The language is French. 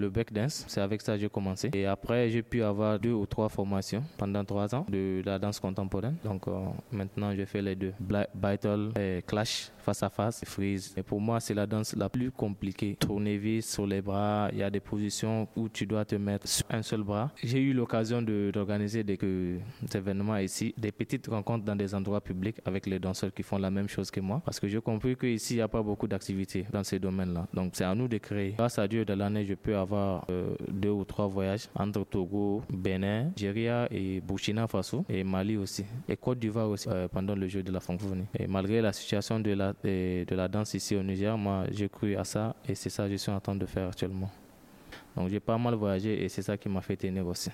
le back dance. C'est avec ça que j'ai commencé. Et après, j'ai pu avoir deux ou trois formations pendant trois ans de la danse contemporaine. Donc euh, maintenant, je fais les deux, Battle et Clash face à face, freeze. Et pour moi, c'est la danse la plus compliquée. Tourner vite sur les bras, il y a des positions où tu dois te mettre sur un seul bras. J'ai eu l'occasion d'organiser des, des événements ici, des petites rencontres dans des endroits publics avec les danseurs qui font la même chose que moi, parce que j'ai compris qu'ici, il n'y a pas beaucoup d'activités dans ces domaines-là. Donc, c'est à nous de créer. Grâce à Dieu, dans l'année, je peux avoir euh, deux ou trois voyages entre Togo, Bénin, Nigeria et Burkina Faso, et Mali aussi, et Côte d'Ivoire aussi, euh, pendant le jeu de la francophonie. Et malgré la situation de la de la danse ici au Niger, moi j'ai cru à ça et c'est ça que je suis en train de faire actuellement. Donc j'ai pas mal voyagé et c'est ça qui m'a fait tenir aussi.